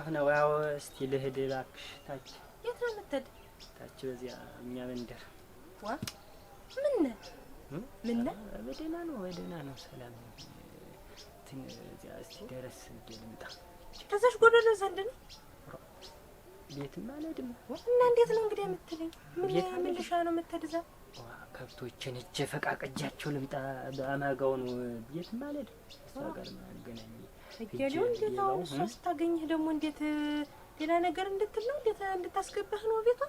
እየወጣሁ ነው። እስቲ ልሂድ እባክሽ። ታች የት ነው የምትሄድ? ታች በዚያ እኛ መንደር። ዋ ምን ምን በደህና ነው፣ በደህና ነው፣ ሰላም እንትን እዚያ እስቲ ደረስ እንደ ልምጣ። ከዛሽ ጎደሎ ዘንድ ነው ቤትም አልሄድም። እና እንዴት ነው እንግዲህ የምትለኝ? ምን ልሻ ነው የምትሄድ እዛ? ከብቶችን እጄ ፈቃቅጃቸው ልምጣ። በአማጋው ነው ቤትም አልሄድም። እሷ ጋር ማገናኘት እያሌው እንዴት አሁን እሷ ስታገኝህ ደግሞ እንዴት ሌላ ነገር እንድትል ነው? እንዴት እንድታስገባህ ነው ቤቷ?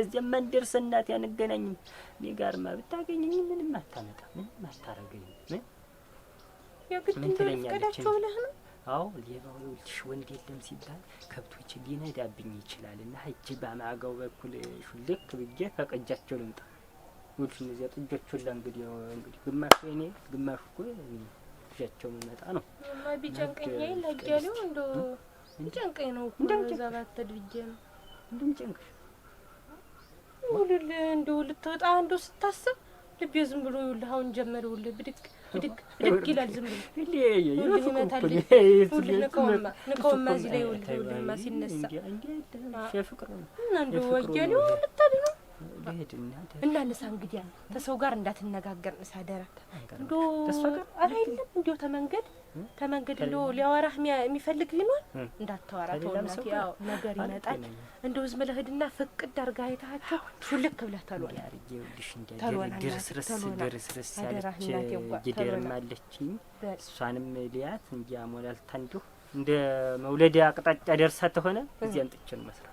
እዚያም መንደር ስናት እኔ ጋርማ ብታገኘኝ ምንም አታመጣ፣ ምንም አታረገኝ። የግድ ብለህ ነው? አዎ ሌባው ይኸውልሽ፣ ወንድ የለም ሲባል ከብቶች ሊነዳብኝ ይችላል እና በማገው በኩል ሹልክ ብዬ ፈቀጃቸው ልምጣ። እነዚያ ጥጆቹን ለእንግዲህ እንግዲህ ግማሹ ግማሹ እኮ ይዣቸው መመጣ ነው። ቢጨንቀኝ ነው ልትወጣ ስታስብ ልቤ ዝም ብሎ ይኸውልህ ጀመረ ይኸውልህ ብድግ ብድግ ብድግ ይላል። ዝም ብሎ እዚህ ላይ ሲነሳ ልታድነው እና ንሳ እንግዲያ ተሰው ጋር እንዳትነጋገር ንሳ እንዶ የለም ተመንገድ ተመንገድ እንዶ ሊያወራህ የሚፈልግ ቢኖር እንዳታወራ ተውናት። ያው ነገር ይመጣል። ዝም ፍቅድ አይታቸው ሹልክ ብለህ ድርስርስ ድርስርስ ያለች እሷንም ሊያት እንዲሁ እንደ መውለድ አቅጣጫ ደርሳ ተሆነ እዚያን ጥችን መስራት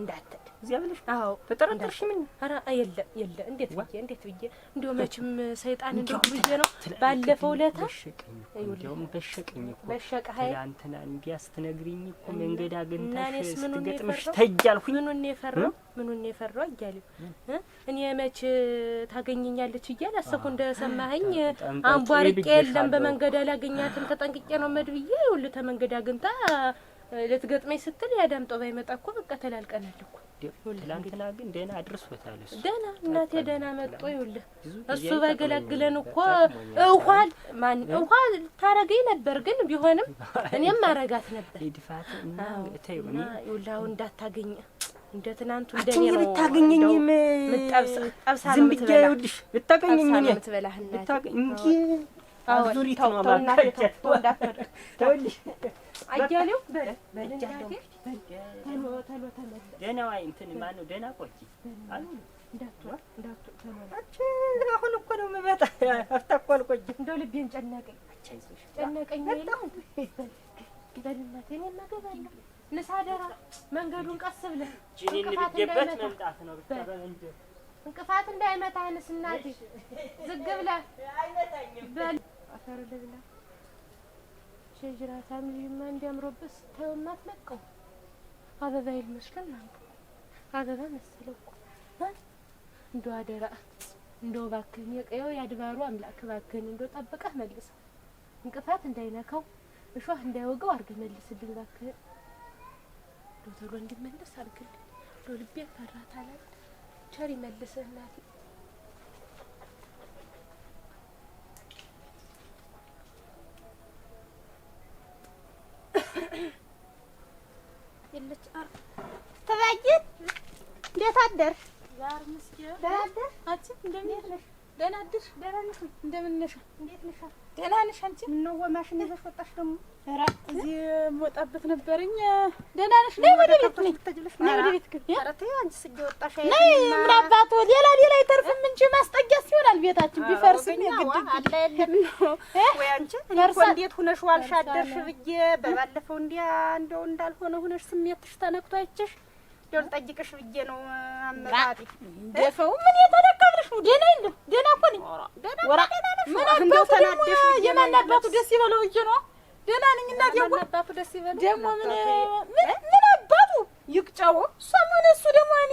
እንዳትል እዚያ ብለሽ አዎ ተጠረጠርሽ? ምን ኧረ የለ የለ። እንዴት ብዬ እንዴት ብዬ እንዲሁ መቼም ሰይጣን እንዲሁ ብዬ ነው። ባለፈው ለታ ይኸውልህ በሸቀኝ እኮ በሸቀ ሀይ ትናንትና እንዲያ ስትነግሪኝ እኮ መንገድ አግኝታሽ ስትገጥምሽ ተጃልኩኝ። ምኑን የፈራው ምኑን የፈራው እያለሁ እኔ መች ታገኘኛለች እያለ አሰብኩ። እንደሰማኸኝ አንቧርቄ የለም በመንገድ አላገኛትም ተጠንቅቄ ነው መድብዬ ብዬ ይኸውልህ ተመንገድ አግኝታ ልትገጥመኝ ስትል ያዳምጠው ባይመጣ እኮ በቃ ተላልቀናል እኮ። ትላንትና ግን ደህና አድርሶታል። እሱ ደህና እናቴ ደህና መጦ ይኸውልህ፣ እሱ ባገላግለን እኮ እንኳን ማን እንኳን ታረገኝ ነበር። ግን ቢሆንም እኔም አረጋት ነበር። ይኸውልህ አሁን እንዳታገኝ እንደ ትናንቱ እንደኔ ነው። ብታገኘኝም ጠብሳ ጠብሳ ነው የምትበላህ። ብታገኘኝ ብታገኘኝ ብታገኝ አዙሪት ነው ማለት አያሌው ደህና ዋይ እንትን ማነው ደህና ቆይ አሁን እኮ ነው የምመጣ አፍታኳል ቆይ እንደው ልቤን ጨነቀኝ ጨነቀኝ ንሳ ደራ መንገዱን ቀስ ብለህ መምጣት ነው እንቅፋት እንዳይመታህ ንስ ዝግ ብለህ አፈር ልብላ ሸጅራታም ልጅማ እንዲያምሮበት ስታየውማ አትለቀው። አበባ ይል መስሎን አንዱ አበባ መሰለ እኮ እንደ አደራ እንደው እባክህን የቀየው የአድባሩ አምላክ እባክህን እንደው ጠብቀህ መልስ። እንቅፋት እንዳይነካው እሾህ እንዳይወገው አድርገህ መልስልኝ እባክህን። እንደው ቶሎ እንዲመለስ አድርግልኝ። እንደው ልቤ ፈራታላል። ቸሪ መልስህ እናቴ። የለች ተባዬ እንዴት አደር ዛር ምስኪ ደህና አደርሽ? አንቺ እንደምን ነሽ? ደህና አድርሽ። ደህና ነሽ? እንደምን ነሽ? እንዴት ነሽ? ደህና ነሽ? አንቺ ምነው ይዘሽ ወጣሽ? ደግሞ ኧረ እዚህ የምወጣበት ነበረኝ። ደህና ነሽ? ነይ ወደ ቤት፣ ነይ ወደ ቤት። ምን አባቱ ሌላ ሌላ አይተርፍም እንጂ ማስጠጊያስ ይሆናል። ቤታችን እንዴት ሁነሽ ዋልሽ አደርሽ በባለፈው እንዲያ እንደው እንዳልሆነ ሁነሽ ስሜትሽ ተነክቶ አይቼሽ እንደው ጠይቅሽ ብዬ ነው አመጣጤ። ደፈው ምን የተለቀብልሽ ነው? ደህና እንደው ደና እኮ ነኝ። ወራ ምን አባቱ ደግሞ የማን አባቱ ደስ ይበለው ብዬ ነው። ደና ነኝ እናቴ። የማን አባቱ ደስ ይበለው ደግሞ ምን ምን አባቱ ይቅጫው እሷ ምን እሱ ደግሞ እኔ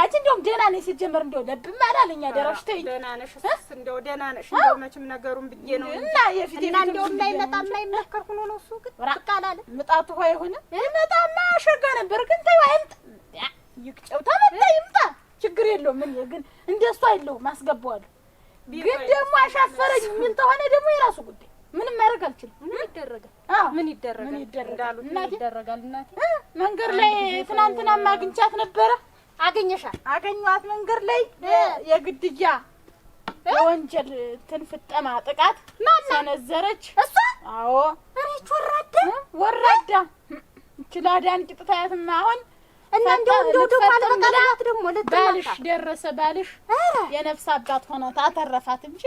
አጭ እንደውም ደና ነኝ ሲጀመር እንደው ለብ አላለኝ። አደራሽ ተይ ደና ነሽ እሱስ እንደው ደና ነሽ እንደው መቼም ነገሩን ብዬ ነው እና የፊት እና እንደው የማይመጣ የማይመከር ሆኖ ነው እሱ ግን በቃ ምጣቱ ሆይ ሆነ ይመጣማ ሸጋ ነበር ግን ተይው አይምጣ ይቅጨው ተመጣ ይምጣ፣ ችግር የለውም። እኔ ግን እንደሱ አይለውም፣ አስገባዋለሁ። ግን ደግሞ አሻፈረኝ ምን ተሆነ ደግሞ የራሱ ጉዳይ፣ ምንም ማድረግ አልችልም። ምን ይደረጋል? አዎ ምን ይደረጋል? ምን ይደረጋል? እናቴ ይደረጋል። እናቴ መንገድ ላይ ትናንትና አግኝቻት ነበረ። አገኘሻት? አገኘኋት መንገድ ላይ የግድያ ወንጀል እንትን ፍጠማ ጥቃት ሰነዘረች። እሷ አዎ፣ እሬች ወራዳ ወራዳ ይችላል። ዳን ቅጥታያትማ አሁን እና እንደው እንደው ደግሞ አልበቃላት ደግሞ ባልሽ ደረሰ ባልሽ የነፍስ አባት ሆኖ ታተረፋት እንጂ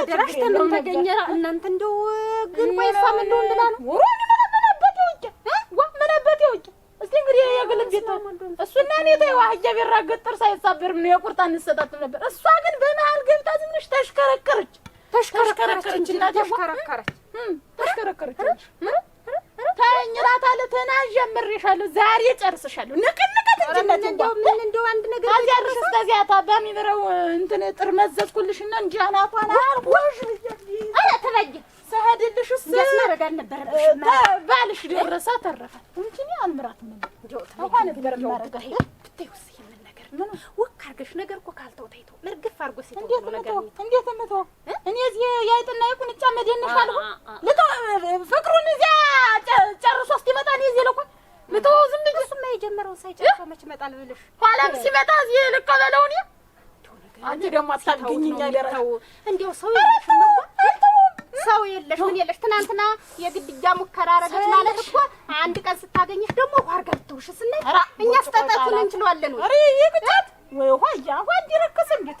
አደራሽ ተምን ተገኘ እናንተ እንደው ግን ቆይ እሷ ምን እንደሆነ ብላ ነው ወሮ ምን አባቴ ውጭ ዋ ምን እስቲ እንግዲህ የግል ቤት እሱና እኔ ተይዋ ህጀ ቢራገጥ ጥርስ አይሳበር ነው የቁርጣ እንሰጣጥ ነበር እሷ ግን በመሀል ገብታ ዝም ተሽከረከረች ተሽከረከረች እና ተሽከረከረች ተሽከረከረች ተይኝ እላታለሁ። ተናዣምሬሻለሁ፣ ዛሬ ጨርስሻለሁ። ንቅንቀት እንጂ እንደው ምን እንደው አንድ ነገር ከዚያ ድረስ በሚብረው እንትን ጥር መዘዝኩልሽና እንጂ አናቷን አልቆሽ ኧረ ተበየ ስሄድልሽስ ያስመረድ አልነበረብሽ። ባልሽ ደረሰ ተረፈ እንጂ እኔ አልምራት ምን እንደው እንኳን ነገር ማረጋ ብትይውስ ይሄን ነገር ምን ውክ አድርገሽ ነገር እኮ ካልተው ታይቶ እርግፍ አድርጎ ሲተው ነው ነገር እንዴት እንተው እኔ እዚህ ያይጥና ይቁንጫ መደነሻለሁ ልቶ ፍቅሩን እዚያ ይመጣል ብልሽ ኋላም ሲመጣ እዚህ ልቀበለው እኔ አንቺ ደግሞ እንዲያው ሰው የለሽ ሰው የለሽ ምን የለሽ። ትናንትና የግድያ ሙከራ አረገች ማለት እኮ አንድ ቀን ደግሞ እኛ ወይ ወይ ውሃ ያ ውሃ እንዲረክስ እንዴት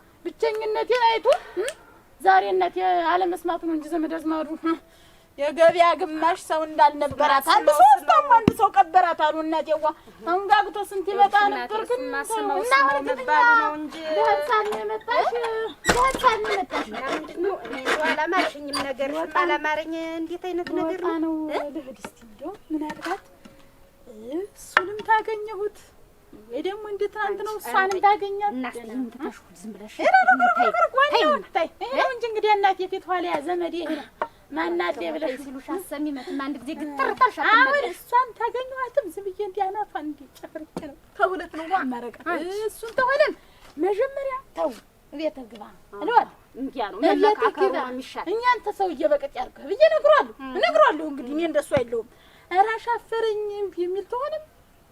ብቸኝነቴን አይቶ ዛሬነት እናቴ አለመስማቱ ነው እንጂ ዘመድ አዝማዱ የገበያ ግማሽ ሰው እንዳልነበራት አንድ ሶስት አንድ ሰው ቀበራት አሉ። እናቴዋ አንጋግቶ ስንት ይመጣ ነበር ግን ነው እንጂ ነገር አላማረኝ። እንዴት አይነት ነገር ነው? ምናልባት እሱንም ታገኘሁት ደግሞ እንደ ትናንት ነው። እሷንም ባገኛት ዝም ብለሽ እንጂ እንግዲህ እናቴ ፊት ኋላ ያ ዘመዴ ማናት ብለሽ ሲሉሽ አሰሚመትም አንድ ጊዜ ግትርታሽ አሁን እሷን ታገኘኋትም ዝም ብዬ እንዲህ አናቷን ጨፍርቄ ነው ተውለት ነው ማረቃ እሱን ተሆነም መጀመሪያ ተው እቤት ግባ እንዋል እንዲያ ነው እኛን ተሰውዬ በቅጥ ያርገህ ብዬ እነግሯለሁ እነግሯለሁ። እንግዲህ እኔ እንደሱ አይለውም ራሽ አፈረኝ የሚል ተሆነም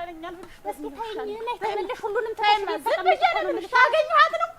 ይሻለኛል ብለሽ ሁሉንም ታገኘኋት ነው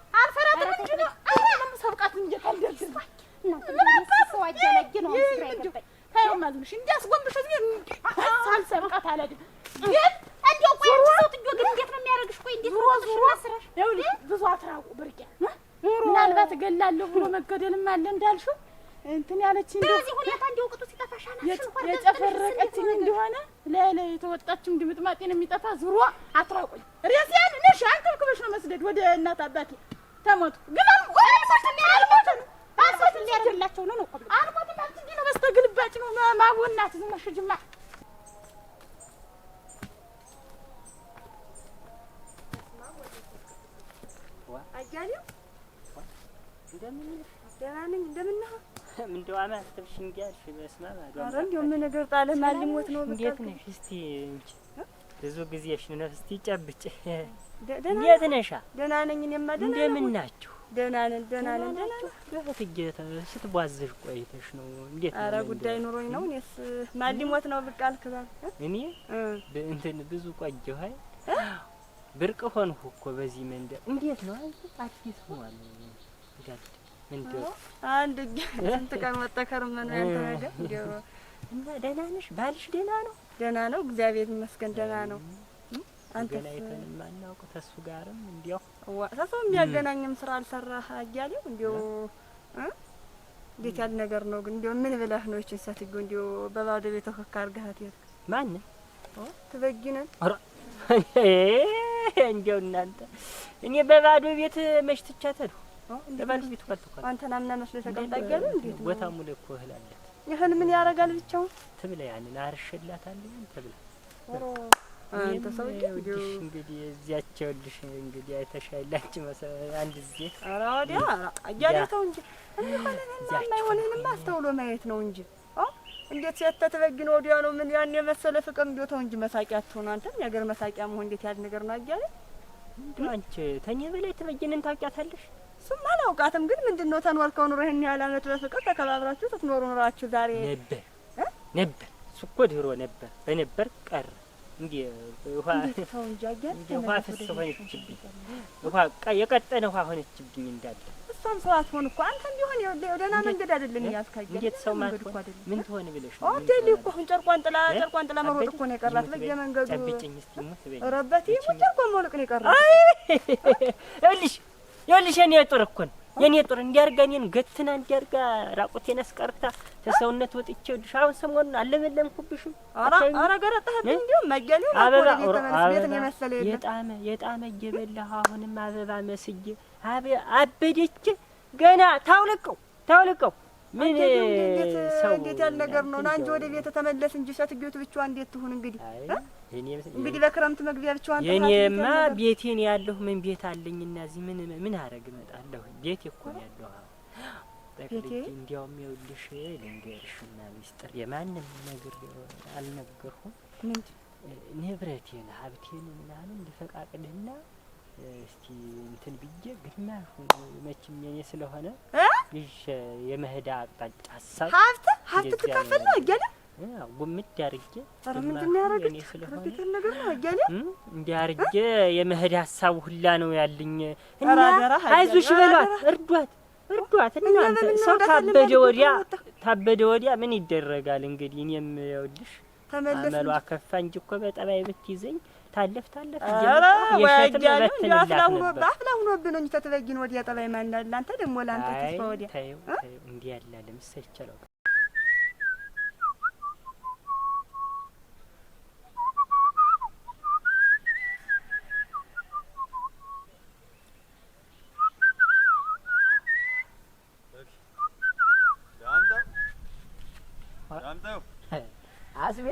ጋዴው እንደምን ደህና ነኝ። እንደምን ነህ? ጣለ ማልሞት ነው። እንዴት ነሽ? እስቲ ብዙ ጊዜሽ ነው። እስቲ ጨብጭ። እንዴት ነሽ? ደህና ነኝ። እኔማ ደህና ነኝ። እንደምን ናችሁ? ደህና ነን። ደህና ነን። በፍትጌ ስትቧዝሽ ቆይተሽ ነው። እንዴት ነው? ኧረ ጉዳይ ኑሮኝ ነው። እኔስ ማልሞት ነው። ብቅ አልክ እኔ እንትን ብዙ ቆየሁ። አይ ብርቅ ሆንሁ እኮ በዚህ መንደር። እንዴት ነው? አይ አዲስ ሆኗል። እንዴት መንደር? አንድ ስንት ቀን ወጣ ከርመን ያንተ ነገር እንዴው እና ደህና ነሽ? ባልሽ ደህና ነው? ደህና ነው፣ እግዚአብሔር ይመስገን ደህና ነው። አንተ ላይተን ማናውቅ ተሱ ጋርም እንዴው ዋ ተሱ የሚያገናኝም ስራ አልሰራ አያሌው እንዴው እ እንዴት ያለ ነገር ነው ግን እንዴው ምን ብለህ ነው እቺን ሰትጎ እንዴው በባዶ ቤት ተከካር ጋር ማን ነው? ኦ ትበጊነን አራ እንዲያው እናንተ እኔ በባዶ ቤት መሽትቻተል በባዶ ቤት ኳልተኳል አንተን አምና መስሎ ተቀምጣገለ እንዴት ነው ቦታ ሙሉ እኮ እህል አለ። ይህን ምን ያደርጋል ብቻው ትብላ ያንን አርሸላታለሁ ትብላ አንተ ሰውዬ እንግዲህ እዚያቸው ልሽ እንግዲህ አይተሻላች መሰለኝ። አንድ ጊዜ አራ ወዲያ እያለ ተው እንጂ እዚያ ሆነንም አስተውሎ ማየት ነው እንጂ እንዴት ሴት ተበግነ ወዲያ ነው ምን ያን የመሰለ ፍቅር እንዴ ተው እንጂ መሳቂያ አትሆን አንተም ነገር መሳቂያ መሆን እንዴት ያለ ነገር ነው አያለ አንቺ ተኛ በላይ ተበግነን ታውቂያታለሽ ስም አላውቃትም ግን ምንድነው ተኖርከው ኑሮ ይሄን ያህል አመት በፍቅር ተከባብራችሁ ስትኖሩ ኑራችሁ ዛሬ ነበር ነበር እኮ ድሮ ነበር በነበር ቀር እንዴ ውሃ ተው እንጂ ውሃ ፍስ ሆነችብኝ ውሃ የቀጠነ ውሃ ሆነችብኝ እንዳለ እሷም ሰው አትሆን እኮ አንተም ቢሆን ደህና መንገድ አይደለም እያስካየን። እንዴት ሰው ማትሆን ምን ትሆን ብለሽ ነው? ዴሊ እኮ አሁን ጨርቋን ጥላ ጨርቋን ጥላ መሮጥ እኮ ነው የቀራት። በየመንገዱ ረበቴ ጨርቋን መውለቅ ነው የቀራት። ይኸውልሽ ይኸውልሽ የኔ ጦር እኮ ነው የኔ ጦር እንዲያርጋ እኔን ገትና እንዲያርጋ ራቁቴን አስቀርታ ተሰውነት ወጥቼ ልሽ አሁን ሰሞኑን አለመለምኩብሽም? ኧረ ገረጣህብ እንዲሁም መገሌ አበባ የጣመ የጣመ እየበላህ አሁንም አበባ መስዬ አበደች። ገና ታውልቀው ታውልቀው ምን ሰው እንዴት ያለ ነገር ነው? ና እንጂ ወደ ቤት ተመለስ እንጂ ሴትዮቱ ብቻዋን እንዴት ትሁን? እንግዲህ እንግዲህ በክረምት መግቢያ ብቻዋን የኔማ ቤቴን ያለሁ ምን ቤት አለኝ እና እዚህ ምን ምን አረግ እመጣለሁ? ቤት እኮ ነው ያለሁ። እንዲያውም ይኸውልሽ ልንገርሽ እና ሚስጥር የማንም ነገር አልነገርኩም። ንብረቴን ሀብቴን ምናምን ልፈቃቅድና እስቲ እንትን ብዬ ግማሹን መቼም የኔ ስለሆነ ይሽ የመሄድ አቅጣጫ ሀሳብ ሀብት ሀብት ትካፈል ነው እያለ ጉምድ አድርጌ እንዲህ አድርጌ የመሄድ ሀሳብ ሁላ ነው ያለኝ። እና አይዞሽ በሏት፣ እርዷት እርዷት እናንተ። ሰው ታበደ ወዲያ ታበደ ወዲያ ምን ይደረጋል እንግዲህ። እኔም ይኸውልሽ አመሏ ከፋ እንጂ እኮ በጠባይ ብትይዘኝ ታለፍ ታለፍ አፍላ ሁኖብን ተትበጊን ወዲያ ጠባይ ማን አለ ደግሞ ለአንተ ተስፋ ወዲያ እንዲህ ያለ ለምሳ አስቤ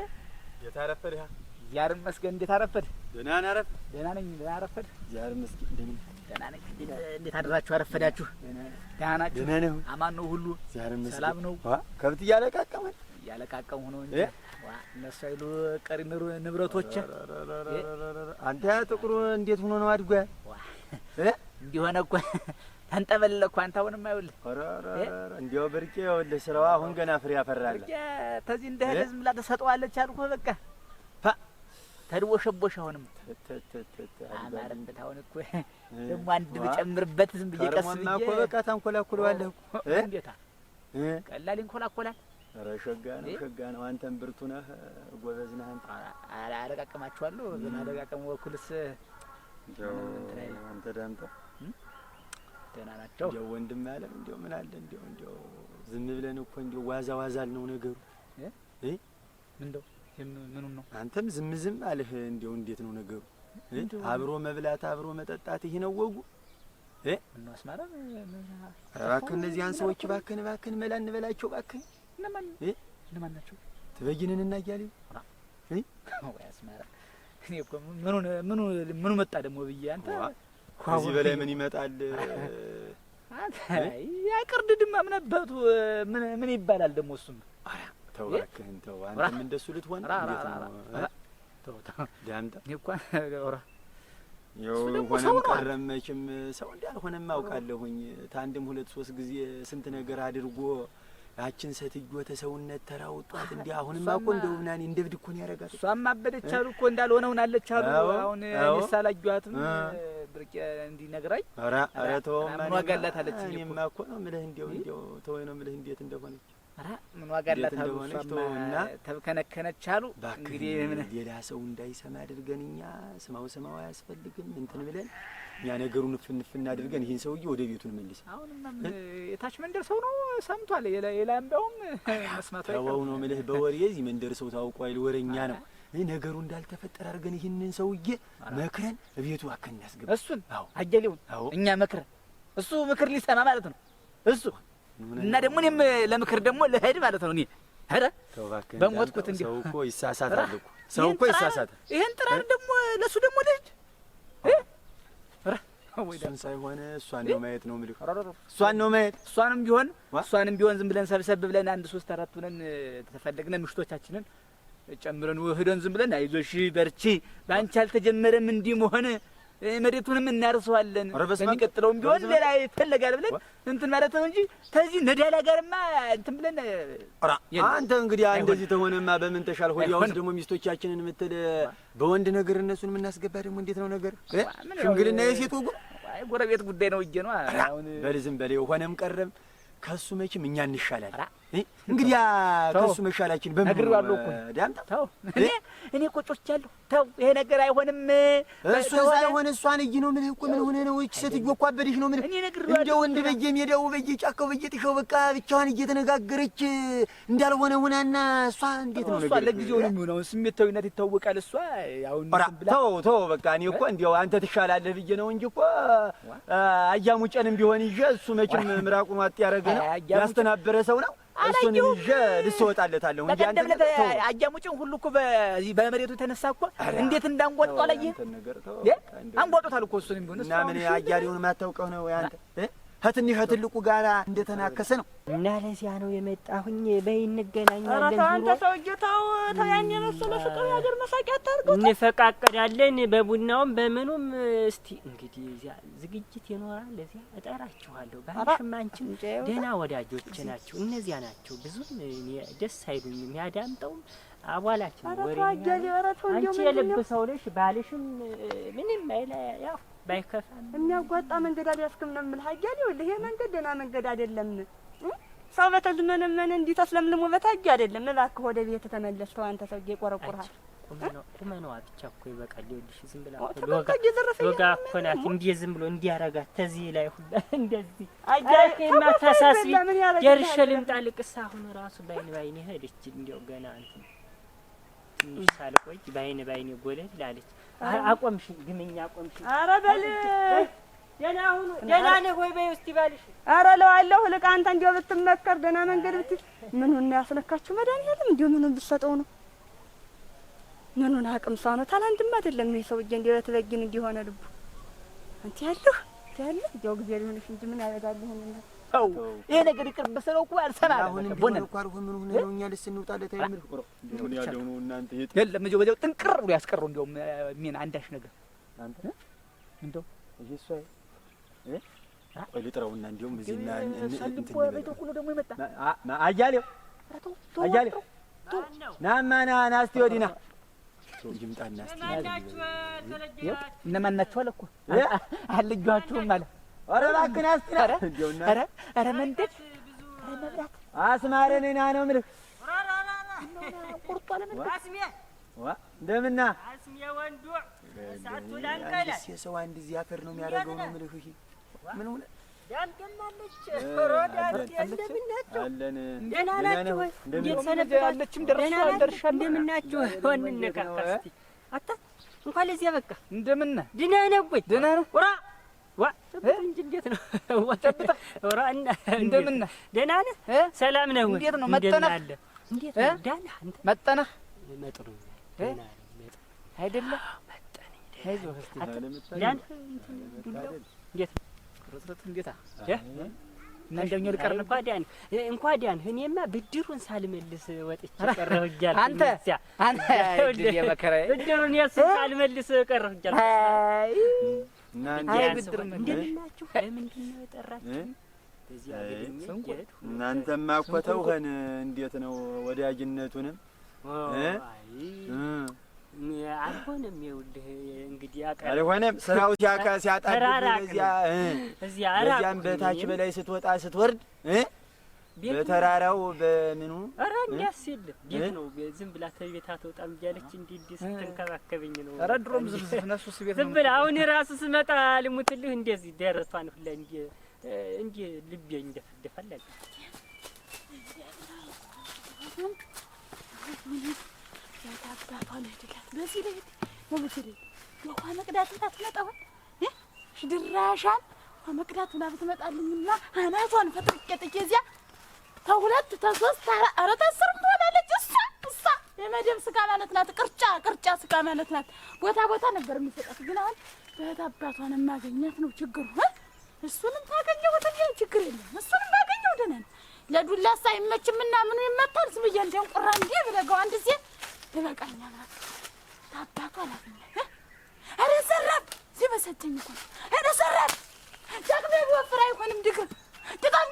የታረፈ ድሃ እግዚአብሔር ይመስገን። እንዴት አረፈድ? ደህና ነህ? አረፍ ደህና ነኝ። ደህና አረፈድ? እግዚአብሔር ይመስገን። እንደምን ደህና ነኝ። እንዴት አደራችሁ? አረፈዳችሁ? ደህና ናችሁ? ደህና ነው። አማን ነው። ሁሉ እግዚአብሔር ይመስገን። ሰላም ነው። ዋ ከብት እያለቃቀመ እያለቃቀሙ ሆኖ እንጂ እነሱ አይሉ ቀሪ ንብረቶች አንተ ጥቁሩ እንዴት ሆኖ ነው አድጓ? እንዲሆነ እኮ ተንጠበለለ እኮ አንተ አሁንም አይውልህ እንዲያው ብርቄ ይኸውልህ ስራዋ አሁን ገና ፍሬ ያፈራል። ተዚህ እንደ ህዝም ላ ተሰጠዋለች አልኩህ በቃ ተድወሸቦሽ አሁንም አማረበት። አሁን እኮ ደግሞ አንድ ብጨምርበት ዝም ብዬ ቀስ ብዬ እኮ በቃ ታንኮላኩለዋለህ እኮ እንዴታ! ቀላል ይንኮላኮላል። ኧረ ሸጋ ነው ሸጋ ነው። አንተም ብርቱ ነህ፣ ጎበዝ ነህ። አንተ አለቃቀማችኋለሁ። በማለቃቀሙ በኩልስ አንተ ዳምጠ ደህና ናቸው። እንዲያው ወንድም ያለም እንዲያው ምን አለ እንዲያው እንዲያው ዝም ብለን እኮ እንዲያው ዋዛ ዋዛል ነው ነገሩ ምንደው ምኑን ነው? አንተም ዝም ዝም አልህ። እንዲያው እንዴት ነው ነገሩ? አብሮ መብላት አብሮ መጠጣት ይሄ ነው ወጉ። ምነው አስማራ፣ እባክህ እነዚያን ሰዎች እባክህን፣ እባክህን መላ እንበላቸው እባክህ። እነማን እነማን ናቸው? ትበይንን እና እያሌው ወይ አስማራ፣ እኔ እኮ ምኑ ምኑ ምኑ መጣ ደግሞ ብዬ አንተ ከዚህ በላይ ምን ይመጣል? ያቅርድ ድማ ምን አባቱ ምን ምን ይባላል ደግሞ እሱም ተው እባክህን ተው። አንተም እንደሱ ልትሆን ሆነም ቀረም መቼም ሰው እንዳልሆነም አውቃለሁኝ። ታንድም ሁለት ሶስት ጊዜ ስንት ነገር አድርጎ ያችን ሴትዮ ተሰውነት ተራውጧት እንዲህ አሁንም እኮ እንደው ምናምን እንደ ብድ እኮ ነው ያደርጋት። እሷም አበደች አሉ እኮ እንዳልሆነ ሆናለች አሉ። አሁን እኔስ አላየኋትም ብርቄ እንዲህ ነግራኝ። ኧረ ኧረ ተወው፣ ማን ዋጋላት አለችኝ። እኔማ እኮ ነው የምልህ እንደው እንደው ተወው ነው የምልህ እንዴት እንደሆነች ምን ዋጋ አላት አሉ ተብከነከነች አሉ። እንግዲህ ሌላ ሰው እንዳይሰማ አድርገን እኛ ስማው ስማው አያስፈልግም እንትን ብለን እኛ ነገሩን ንፍንፍ እናድርገን ይህን ሰውዬ ወደ ቤቱን መልስ። አሁንማ የታች መንደር ሰው ነው ሰምቷል። ሌላ እንዲያውም መስማቱ ተወው ነው ምልህ በወሬ እዚህ መንደር ሰው ታውቋል፣ ወረኛ ነው። ነገሩ እንዳልተፈጠረ አድርገን ይህንን ሰውዬ መክረን ቤቱ አከን ያስገባ እሱን አያሌውን እኛ መክረን እሱ ምክር ሊሰማ ማለት ነው እሱ እና ደግሞ እኔም ለምክር ደግሞ ልሄድ ማለት ነው። እኔ ረ በሞትኩት እንዲህ ሰው እኮ ይሳሳታል እኮ ሰው እኮ ይሳሳታል። ይሄን ጥራር ደግሞ ለእሱ ደግሞ ልጅ እሱን ሳይሆን እሷን ነው ማየት ነው የምልህ። እሷን ነው ማየት እሷንም ቢሆን እሷንም ቢሆን ዝም ብለን ሰብሰብ ብለን አንድ ሶስት አራት ሁነን ተፈለግነ ምሽቶቻችንን ጨምረን ውህደን ዝም ብለን አይዞሽ በርቺ፣ በአንቺ አልተጀመረም እንዲህ መሆን መሬቱንም እናርሰዋለን። በሚቀጥለውም ቢሆን ሌላ ይፈለጋል ብለን እንትን ማለት ነው እንጂ ተዚህ ነዳላ ጋርማ እንትን ብለን አንተ እንግዲህ እንደዚህ ተሆነማ በምን ተሻል ሆ ያውስ ደግሞ ሚስቶቻችንን የምትል በወንድ ነገር እነሱን የምናስገባ ደግሞ እንዴት ነው ነገር ሽምግልና የሴቱ ጉ ጎረቤት ጉዳይ ነው እጄ ነው። በልዝም በሌ ሆነም ቀረም ከእሱ መቼም እኛ እንሻላለን። እንግዲያ ከሱ መሻላችን በምነግሬዋለሁ እኮ ዳምጣ ተው፣ እኔ እኔ እኮ ጮቻለሁ። ተው ይሄ ነገር አይሆንም። እሱ ሳይሆን እሷን እይ ነው የምልህ እኮ ምን ሆነ ነው? እች ሴትዮ እኮ አበደሽ ነው የምልህ። እንደ ወንድ በየሜዳው በየጫካው በየጥሻው በቃ ብቻዋን እየተነጋገረች እንዳልሆነ ሆናና እሷ እንዴት ነው ለጊዜው ነው የሚሆነው። ስሜታዊነት ይታወቃል። እሷ ተው ተው፣ በቃ እኔ እኮ እንዲያው አንተ ትሻላለህ ብዬ ነው እንጂ እኮ አያሙጨንም ቢሆን ይዤ እሱ መቼም ምራቁን ዋጥ ያደረገ ነው ያስተናበረ ሰው ነው እሱንም ይዤ እንጂ አንተ አያሙጭን ሁሉ እኮ በዚህ በመሬቱ የተነሳ እኮ እንዴት እንዳንጓጥጦ አላየህም? አንጓጦታል እኮ እሱንም ቢሆን እና ምን አያሌውን ማታውቀው ነው አንተ ከትንሽ ትልቁ ጋራ እንደተናከሰ ነው እና ለዚያ ነው የመጣሁኝ። በይ እንገናኛለን። አንተ ሰውዬ ተው ተው፣ ያን የመሰለ ፍቅር የሀገር መሳቂያ አታድርገው። እንፈቃቀዳለን በቡናውም በምኑም። እስቲ እንግዲህ እዚያ ዝግጅት ይኖራል። እዚያ እጠራችኋለሁ። ባሽም አንቺም ደህና ወዳጆች ናቸው። እነዚያ ናቸው ብዙም ደስ አይሉኝም። ያዳምጠውም አቧላችን ወሬ አንቺ የልብ ሰው ነሽ። ባልሽም ምንም አይለ ያው ባይከፋ የሚያጓጣ መንገድ አልያዝክም ነው የምልህ። አያሌ ይኸውልህ ይሄ መንገድ ደህና መንገድ አይደለም። ሰው በተዝመነመነ እንዲህ ተስለምልሞ በታጅ አይደለም። እባክህ ወደ ቤት ተመለስ። ተው አንተ ሰውዬ ብቻ እኮ ይበቃል። ይኸውልሽ ዝም ብላ እኮ ናት። እንዲህ ዝም ብሎ እንዲያረጋት ተዚህ ላይ ሁላ እንደዚህ ደርሼ ልምጣ። ልቅስ አሁን ራሱ ባይን ባይን ሄደች። እንዲያው ገና እንትን ትንሽ ሳልቆይ ባይን ባይን ጎለል ላለች አቆምሽኝ፣ ግምኛ አቆምሽኝ። ኧረ በል ደህና ሁኑ። ደህና ነህ ወይ በይው እስኪ ባልሽ። ኧረ እለዋለሁ ልቅ አንተ እንዲያው ብትመከር ደህና መንገድ ብትይ ምኑን ነው ያስለካችሁ? መድኃኒዓለም እንዲሁ ምኑን ብትሰጠው ነው ምኑን አቅም ሰው ነው። አይደለም ይሄ ሰውዬ በትበጊን እንዲሆነ ልቡ ያለሁ ያለሁ እንዲያው ጊዜ ሊሆንሽ እንጂ ምን ያደርጋል ተው ይሄ ነገር ይቅርብ ስለው እኮ አልሰማህም። አሁን እንዲሁ ጥንቅር ብሎ ያስቀረው እንደውም ሚና አንዳች ነገር እንደው ልጥረውና እንዲሁም ነው ደግሞ ይመጣ አያሌው አያሌው ናማ ና ና እስኪ ወዲህ ና ይምጣና እነማን ናችሁ አለ እኮ አልልጇችሁም አለ ኧረ እባክህን አስጥና ኧረ ኧረ መንደድ ኧረ መብራት አስማረ ነው የምልህ ቁርጧ ለመንደድ እንደምና አስሜ ወንዱ ሳቱን አንቀለ የሰው አንድ እዚህ አፈር ነው የሚያደርገው ነው የምልህ ይሄ ምን ሆነ እንኳን ለዚህ በቃ እንደምና ድና ነህ ወይ ነህ እንዴት ነው? እንደምን ነህ? ደህና ነህ? ሰላም ነህ? እንዴት ነው? መጠነህ እንዴት ነው? ደህና አንተ መጠነህ መጥሩ አይደለ? አንደኛው ልቀር እንኳ ዲያን እንኳ ዲያን እኔማ ብድሩን ሳልመልስ ወጥቼ ቀረሁ እያልኩ አንተ አንተ ብድሩን የእሱን ሳልመልስ ቀረሁ እያልኩ እና እንደምናችሁ ለምንድን ነው የጠራችሁ? እናንተማ እኮ ተውኸን እንዴት ነው ወዳጅነቱንም አልሆነም ይኸውልህ እንግዲህ አልሆነም። ስራው ሲያጣ እዚያ በታች በላይ ስትወጣ ስትወርድ በተራራው በምኑ ኧረ እንዲያስ የለም ቤት ነው። ዝም ብላ ተቤት አትወጣም እያለች እንዲህ እንዲህ ስትንከባከበኝ ነው። ኧረ ድሮም ዝም ነሱ ስቤት ዝም ብላ አሁን ራሱ ስመጣ ልሙትልህ እንደዚህ ደረቷን ሁላ እንዲህ እንዲህ ልቤ እንደፈደፋል አለ በዚህ ላይ ወብት ላይ መቅዳት ታትመጣሁን ድራሻን መቅዳት ምናምን ትመጣልኝና አናቷን ፈጥቄ ጥዬ እዚያ ተሁለት ተሶስት ኧረ ተስርም ትሆናለች። እሷ እሷ የመደብ ስጋ ማለት ናት። ቅርጫ ቅርጫ ስጋ ማለት ናት። ቦታ ቦታ ነበር የሚሰጣት፣ ግን አሁን በእህት አባቷን የማገኘት ነው ችግሩ። እሱንም ታገኘው ወተኛው ችግር የለም። እሱንም ባገኘው ደህና ነው። ለዱላሳ አይመችም እና ምኑ ይመታል። ዝም ብዬ እንዲያው ቁራ እንዲ ብለገው አንድ ዜ ይበቃኛል። ራት ታባቷ አላገኘ ኧረ ሰራብ ሲበሰጨኝ እኮ ኧረ ሰራብ ዳግሜ ወፍራ አይሆንም ድግም ድጋም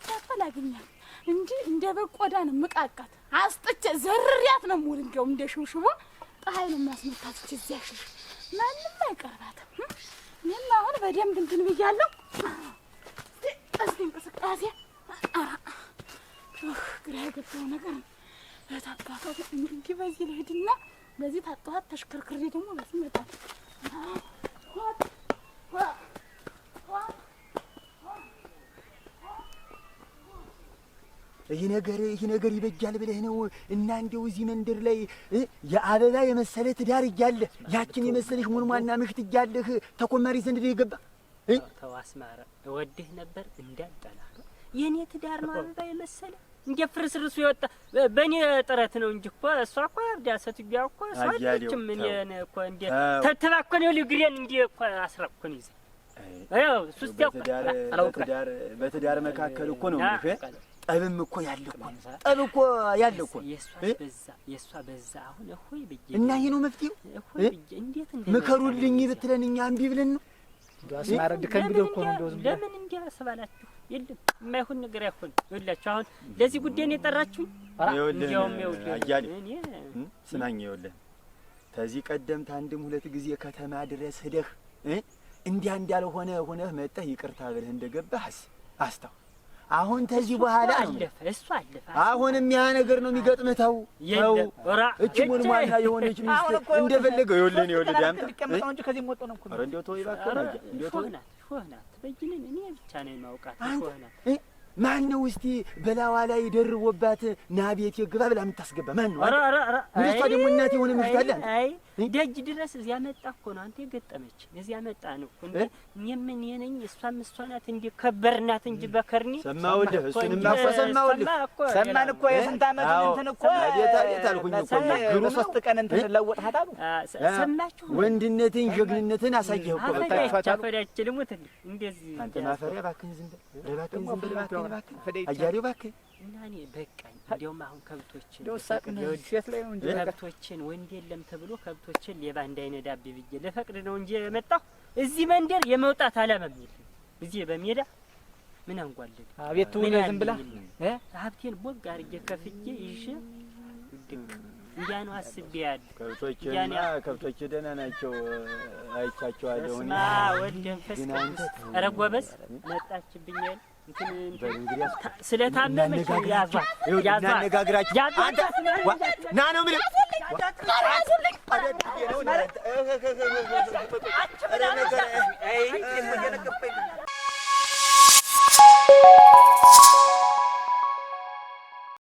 አባቷ አላገኛም። እንዲህ እንደ በግ ቆዳ ነው የምቃቃት። አስጥቼ ዘርሪያት ነው የምውል። እንዲያው እንደ ሽውሽቦ ፀሐይ ነው የማስመታት። እች እዚያ ማንም አይቀርባትም። እኔም አሁን በደንብ እንትን ብያለሁ። እስቲ እንቅስቃሴ ግራ የገባው ነገር ታባቷ እንዲህ በዚህ ልሂድና በዚህ ታጠዋት ተሽከርክሬ ደግሞ በዚህ መጣት ይህ ነገር ይህ ነገር ይበጃል ብለህ ነው እና እንደው እዚህ መንደር ላይ የአበባ የመሰለ ትዳር እያለህ ያችን የመሰለሽ ሞልሟና ምሽት እያለህ ተኮማሪ ዘንድ ነው የገባ። ተው አስማረ፣ እወድህ ነበር እንዳልጠላ። የእኔ ትዳር ነው አበባ የመሰለ እንደ ፍርስርሱ የወጣ በእኔ ጥረት ነው እንጂ እኮ እሷ እኮ አብዳ ሴትዮዋ እኮ ሰዎችም እኔን እኮ እንደ ተተባኮን ነው ልግሬን እንደ እኮ አስረኩን ይዘ ያው ሱስ ያው በትዳር መካከል እኮ ነው ጠብም እኮ ያለ እኮ ጠብ እኮ ያለ እኮ የእሷ በዛ። አሁን እሆይ ብዬሽ እና ይሄ ነው መፍትሄው። ምከሩልኝ ብትለን እኛ እምቢ ብለን ነው አስማረድ ከእንግዲህ እኮ ነው። እንደው ለምን እንዲያ ስባላችሁ የለም የማይሆን ነገር አይሆን። ይኸውላችሁ አሁን ለዚህ ጉዳይ ነው የጠራችሁኝ። እንዲያውም ይኸውልህ ስማኝ፣ ይኸውልህ ከዚህ ቀደምት አንድም ሁለት ጊዜ ከተማ ድረስ ሂደህ እንዲያ እንዳልሆነ ሆነህ መጠህ ይቅርታ ብለህ እንደገባህ አስታው አሁን ተዚህ በኋላ አለፈ እሱ አለፈ። አሁንም ያ ነገር ነው የሚገጥምህ። ተው ተው፣ እቺ ምን ማና የሆነች ሚስት እንደፈለገው ይወልን ይወልድ ያንተ እንጂ ከዚህ ሞጦ ነው እኮ እንዴ ተው ይባክህ። እንዴ ተው ናት ሾህናት በጅንን እኔ ብቻ ነኝ የማውቃት ሾህናት። ማን ነው እስቲ በላዋ ላይ ደርቦባት ና ቤት የግባ ብላ የምታስገባ ማን ነው? ኧረ ኧረ ኧረ እንዴ ደግሞ እናት የሆነ ምርት አለ አይ እንደ ድረስ እዚያ መጣ እኮ ነው። አንተ የገጠመች እዚያ መጣ ነው እኮ እንደ እኔም እኔ ነኝ እሷም እሷ ናት። እንደ ከበርናት እንጂ በከርኒ ሰማሁልህ። እሱንማ እኮ ሰማሁልህ። ሰማን እኮ የስንት ዓመት እንትን እኮ ቤታ ቤት አልኩኝ እኮ ግሩ ሶስት ቀን እንትን ለወጥ ሀዳሉ ሰማችሁ። ወንድነትን ጀግንነትን አሳየህ እኮ በታፋታ ፈዳች ልሙት እንዴ እንደዚህ አንተ ማፈሪያ እባክህን ዝም በል እባክህን ዝም በል እባክህን እባክህን አያሌው እባክህን እና እኔ በቃኝ። እንዲያውም አሁን ከብቶችን ሴት ላይ ነው እንጂ ከብቶችን ወንድ የለም ተብሎ ከብቶችን ሌባ እንዳይነዳብኝ ብዬ ለፈቅድ ነው እንጂ የመጣሁ እዚህ መንደር የመውጣት አላማም የለም። እዚህ በሜዳ ምን አቤት ዝም ብላ ሀብቴን ቦግ አድርጌ ከፍጌ ይዤ ድቅ እንዲያ ነው አስቤ ያለ ከብቶችና ከብቶች ደህና ናቸው አይቻቸዋለሁ። ወደ ፈስ ረጎበስ መጣችብኛል ስለታመመች ያዟት ያዟት ና ነው የምልህ